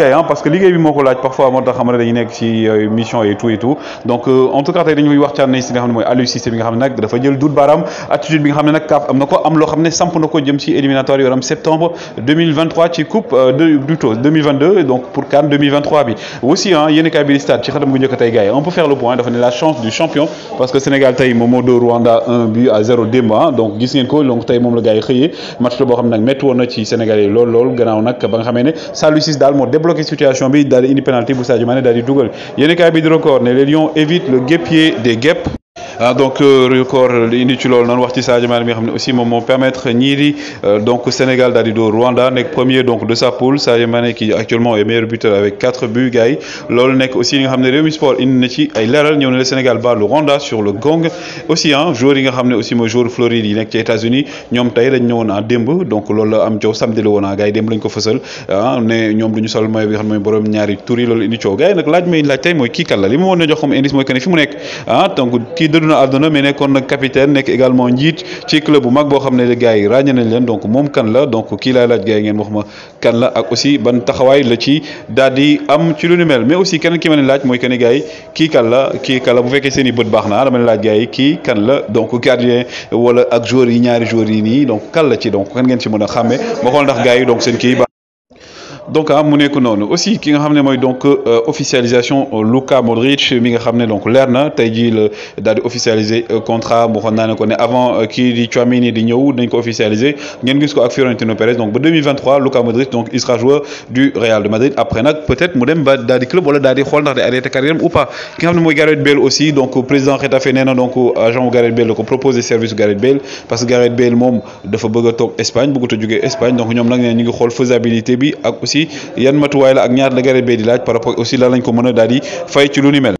liggéey hein, parce que liggéey bi moo laaj parfois moo tax xam ne dañuy nekk ci euh, mission et tout et tout donc euh, en tout cas tey dañuy waxtaanee si nga xam ne mooy Aliou Cissé bi nga xam ne nag dafa jël duut baaraam attitude bi nga xam ne nag kaaf am na ko am loo xam ne samp na jëm ci éliminatoire yu am septembre 2023 ci coupe euh, de plutôt 2022 donc pour CAN 2023 bi aussi ah yéen kaay bi di stade ci xatam gu njëkk tey gars yi on peut faire le point dafa ne la chance du champion parce que Sénégal tey moom moo dóor Rwanda 1 but à 0 demain donc gis ngeen ko donc tey moom la gars yi match la boo xam ne nag métti woon na ci Sénégal yi lool lool gannaaw nag ba nga xamee ne Saliou Ciss daal bloqué situation bi daal di pour ça, bu dans Mané Google. Il y a a bi de record mais les Lions évitent le guépier des guêpes ah donc euh, record li indi ci loolu noonu wax ci Sadio Mané mi nga xam aussi moom permettre ñii di euh, donc Sénégal daal di dóor Rwanda nek premier donc de sa poule Sadio Mané qui actuellement est meilleur buteur avec 4 buts gars yi nek aussi li nga xam ne Sport indi na ci ay leeral ñëw na le Sénégal bat le Rwanda sur le gong aussi ah joueur yi nga xam aussi mooy joueur Floride yi nekk ci États-Unis ñoom tey dañ ñëwoon ah démb donc loolu la am coow samedi la woon ah gars yi démb lañ ko fësal ah ne ñoom du ñu sol maillot bi nga xam borom ñaari tur yi loolu indi coow gars yi nag laaj may laaj tay moy ki kan la li ma mën na jox comme indice mooy que fi mu nek ah donc ki na àdduna mais nekkoon nag capitaine nekk également njiit ci club bu mag boo xam ne gars yi ràññe nañ leen donc moom kan la donc kii laay laaj gars yi ngeen wax ma kan la ak aussi ban taxawaay la ci daal di am ci lu ni mel mais aussi keneen ki ma leen laaj mooy que ne gars yi kii kan la kii kan la bu bët baax na dama leen laaj gars yi kii kan la donc gardien wala ak joueurs yi ñaari joueurs yi nii donc kan la ci donc kan ngeen ci mën a xàmme ma xool ndax gars donc seen kii donc à ah, mu non aussi ki nga xam donc euh, officialisation euh, Luka Modric mi nga xam donc l'erna na le jii la officialiser euh, contrat boo xam ko ne avant kii di Tchouaméni di ñëw dañ ko officialiser ngeen gis ko ak Florentino donc ba 2023 Luka Modric donc il sera joueur du Real de Madrid après nag peut-être mu dem ba clubs ou club wala daal di xool ndax day de carrière ou pas ki nga xam ne Gareth Bale aussi donc président Getafe nee donc agent Gareth Bale la ko proposé service Gareth Bale parce que Gareth Bale mom dafa bëgg a Espagne bëggut a jógee Espagne donc nous nag nee une ngi xool faisabilité bi ak aussi. aussi yan matuwaay la ak ñaar la garabee di laaj par rapport aussi lan lañ ko mën a daal ci lu ni mel.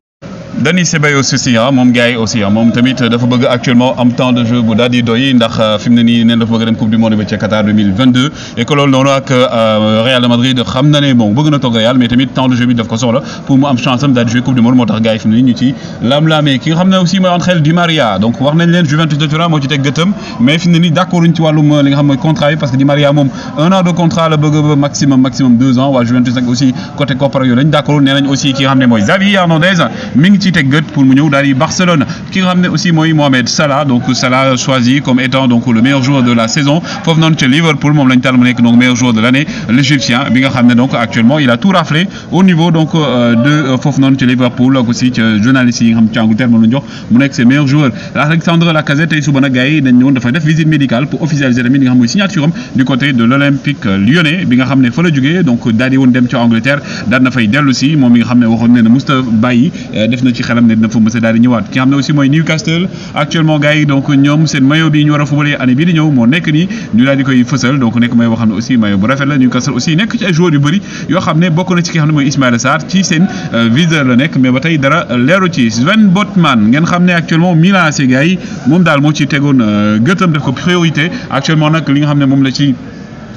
Denis Sebayo aussi hein mon gars aussi Hein, moom tamit dafa bëgg actuellement am temps de jeu bu daal di doy ndax euh, fi mu ne dafa bëgg coupe du monde bi ci Qatar 2022 et que loolu noonu ak euh, Real Madrid de na ne bon bëgg na toog Real mais tamit temps de jeu bi daf ko soxla pour mu am chance am daal di jouer coupe du monde moo tax gars yi fi mu ne nii ñu ci lam ki nga aussi mooy Angel Di Maria donc wax nañ leen Juventus de Turin moi ci teg gëtëm mais fi mu ne d'accord uñ ci wàllum euh, li nga xam contrat yi parce que Di Maria mon un an de contrat la bëgg maximum maximum deux ans waa Juventus aussi côté coopéra yo lañ d'accord nee nañ aussi ki nga xam ne mooy Hernandez mi ki teg pour mu d'aller Barcelone qui ramène aussi moïse Mohamed Salah donc Salah choisi comme étant donc le meilleur joueur de la saison foofu noonu Liverpool mon lañ taal mu donc meilleur joueur de l'année l'Égyptien bi nga donc actuellement il a tout raflé au niveau donc euh, de euh, foofu noonu Liverpool aussi que journaliste yi nga xam ci Angleterre moom jox meilleurs joueurs Alexandre Lacazette est suba nag gai yi dañ de visite médicale pour officialiser le li nga signature du côté de l'Olympique Lyonnais bi nga ramener fa la donc d'aller on demeure dem Angleterre daal na fay dellu si au mi nga xam ne ci xelam ne dina fa mës a ñëwaat ki xam ne aussi mooy Newcastle actuellement gars yi donc ñoom seen maillot bi ñu war a fubalee année bii ñëw moo nekk nii ñu daal di koy fësal donc nekk maillot boo xam ne aussi maillot bu rafet la Newcastle aussi nekk ci ay yu bëri yoo xam ne bokk na ci ki xam ne mooy Ismaïla Sarr ci seen euh, viseur la nekk mais ba tey dara leeru ci Sven Botman ngeen xam ne actuellement Milan AC gars yi moom daal moo ci tegoon euh, gëtam def ko priorité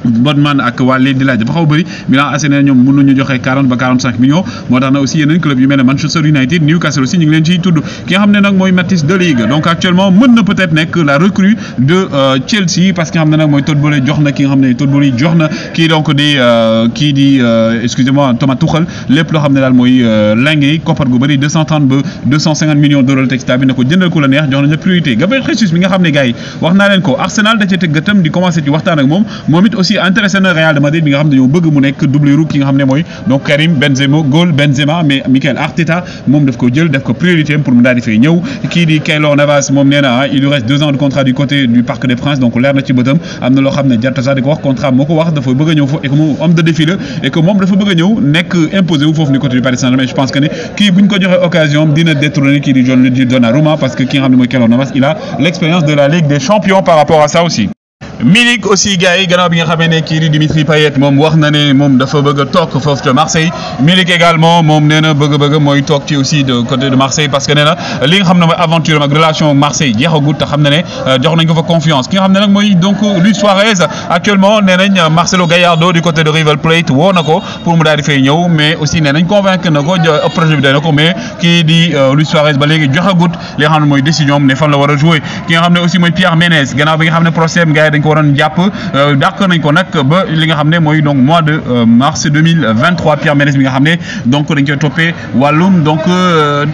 Bodman ak Walid Lille ba xaw bari Milan AC ne ñoom mën 40 ba 45 millions moo tax na aussi yeneen club yu melni Manchester United Newcastle aussi ñu ngi leen ci tuddu ki nga xamné nak moy mooy de Ligue donc actuellement mën na peut-être nek la recrue de euh, Chelsea parce que nga xam ne nag mooy Tondela jox na ki nga xamné Todd Tondela jox na kii donc di euh, ki di euh, excusez-moi Thomas Tuchel lepp lo xamné dal moy mooy lingue yi gu bari 230 ba 250 millions d'euros texta bi nako jëndal ko la neex jox nañ la priorité Gabriel Jesus mi nga xamné ne gars wax leen ko Arsenal da ci teg gëtam di commencer ci waxtaan ak mom moom aussi aussi intéressé na Real de Madrid bi nga xam ne ñoo bëgg mu nekk doublure ki nga xam ne mooy donc Karim Benzema goal Benzema mais Mikel Arteta moom daf ko jël daf ko priorité pour mu daal di fay ñëw kii di Keylor Navas moom nee ah, il lui reste deux ans de contrat du côté du Parc des Princes donc leer na ci bëtam am na loo xam ne jarta sax di ko wax contrat moo ko wax dafa bëgg a ñëw foofu et que moom homme de défi la et que moom dafa bëgg a ñëw nekk imposé wu foofu du côté du Paris Saint-Germain je pense que ne kii bu ñu ko joxee occasion dina détrôner kii di John Donnarumma parce que ki nga xam ne mooy Navas il a l'expérience de la Ligue des Champions par rapport à ça aussi Milik aussi gars yi gannaaw bi nga xamee ne kii Dimitri Payet mom wax na né mom dafa bëgg tok fofu ci Marseille Milik également mom nee bëgg-bëgg moy tok ci aussi de côté de Marseille parce que nee li nga xamné ne aventure ak relation Marseille jéxagout te xam na euh, jox nañ ko fa confiance ki nga xamné nak moy donc Luis Suarez actuellement nee nañ Marcelo Gallardo du côté de River Plate woo pour mu daal fay ñëw mais aussi nee nañ convaincre nako projet bi mais ki di euh, Luis Suarez ba légui joxagout li nga xam ne décision am ne fan la wara jouer ki nga xamné aussi moy Pierre Menès gannaaw bi nga xam ne procès ko waroon jàpp euh, dàq nañ ko nak ba li nga xamné moy donc mois de euh, mars 2023 Pierre Ménès bi nga xamné donc dañ koy toppee walum donc tout euh,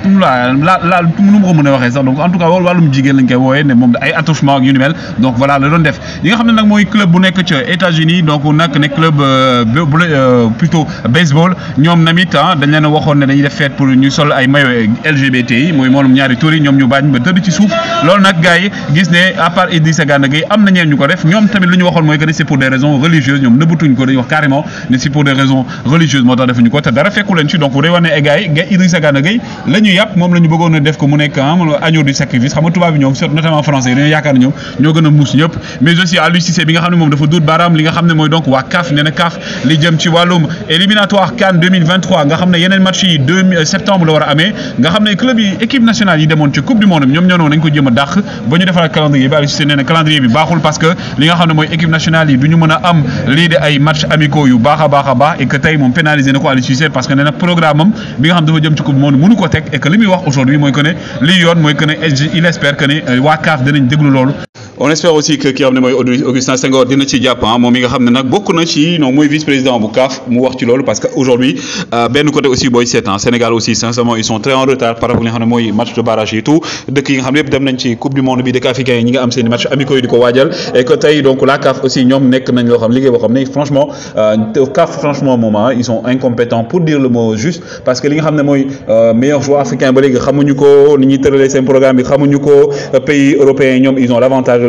la la nu mu ko mëna waxé sax donc en tout cas walum jigen jigéen lañ koy wooyee ne moom ay attouchement ak yu mel donc voilà la doon def yi nga xamné nak moy club bu nek ci États-Unis donc nak né club plutôt baseball ñom namit ah dañ leen a waxoon dañuy def fête pour ñu sol ay maillot LGBT moy mooy ñaari tur yi ñoom ñu bañ ba teud ci suuf lool nak gaay gis né à part Idrissa Gana gay am na ñeen ñu ko def def ñoom tamit luñu ñu moy mooy que c'est pour des raisons religieuses ñom neubutuñ ko dañ wax carrément ne c'est pour des raisons religieuses moo tax ñu ko té dara fekku ci donc day wane ne ay Idrissa Gana Gueye lañu yapp mom lañu la bëggoon def ko mu nekk ah, agneau du sacrifice xam nga tuba bi ñom notamment français dañu dañoo ñom ño gëna mus ñëpp mais aussi à Cissé bi nga xam mom dafa duut baram li nga xam moy donc wa CAF nee na CAF li jëm ci walum éliminatoire CAN 2023 nga xam ne yeneen match yi 2 euh, septembre la wara amé nga xam club yi équipe nationale yi démon ci coupe du monde ñom ñoom ñoo nañ ko jëma dakh bañu ba calendrier bi Aliou Cissé nee calendrier bi baaxul parce que li nga xam ne mooy équipe nationale yi du ñu mën a am lii di ay match amicaux yu baax a baax a baax et que tey moom pénalisé na ko Aliou Cissé parce que nee na programme am nga xam dafa jëm ci coupe monde mënu ko teg et li muy wax aujourd'hui mooy que ne lii yoon mooy que ne il espère que ne euh, waa CAF danañ déglu loolu on espère aussi que ki nga Augustin Senghor dina ci japp hein ah, momi nga xamné nak bokku na ci non moy vice président Boukaf, CAF mu wax ci lolu parce qu'aujourd'hui aujourd'hui euh, benn côté aussi 7 En ah, Sénégal aussi sincèrement ils sont très en retard par rapport à nga moy match de barrage et tout De qui nga xam dem nañ ci coupe du monde bi de africain yi ñi nga am seen match amicaux yi di et que donc la CAF aussi ñom nek nañ lo xam liggéey boo xam franchement euh, CAF franchement moment ah, ils sont incompétents pour dire le mot juste parce que li nga xamné moy euh, meilleur joueur africain ba légui xamuñu ko ni ñi sen programme bi xamuñu ko pays européens ñom ils ont l'avantage